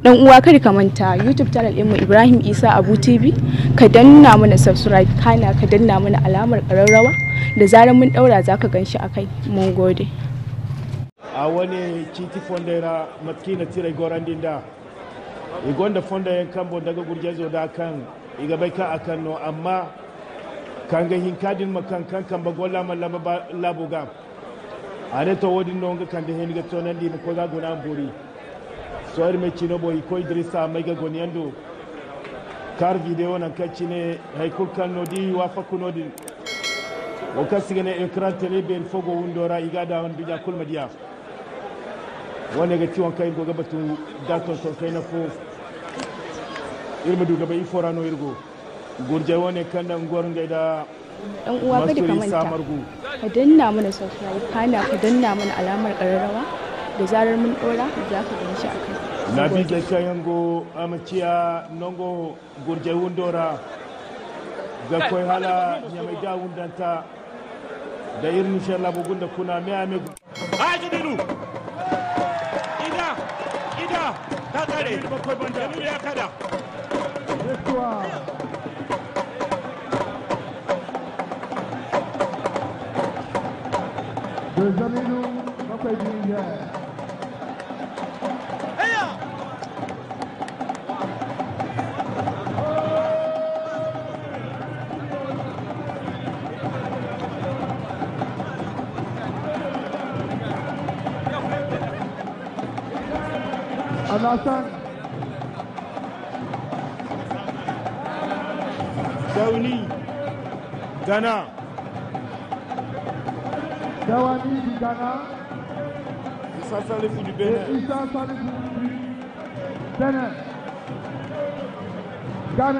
dan uwa kada ka manta youtube channel mu ibrahim isa abu tv ka danna mana subscribe kana ka danna mana alamar ƙararrawa da zarar mun daura za ka akai a kai mun gode a wani citi fondera matkina tira goran dinda igonda fonda yan kambo daga gurgezo da kan bai ka akan no amma kan ga hinkadin makan kan kan ba gola man labuga are to wodin no ga kan da hen ga tonan di ko za guna buri soir me cino boy ko idrissa maiga goniando kar video nan kacine hay kulkan nodi wa faku fakunodi o ne écran télé ɓen fogo wundora igada on duƴa kulmadiya wonega tiwon kayen go gaba tu dalton ton na fo irma du gaba forano irgo gurja wone kanda gor gayda ɗan uwa kada ka manta ka danna mana subscribe kana ka danna mana alamar ƙararrawa da zarar mun ɗora za ka gani shi a na bi da shayango amaciya nongo gurje wundora ga koi hala mai da wundanta da irin shalla bugun da kuna me ame aji dinu ida ida ta kare bakwai banda ya kada Deux amis Understand? Dawni, Ghana. Dawani du Ghana. Issa Salifou du Bénin. Et Issa Salifou du Bénin. Ghana.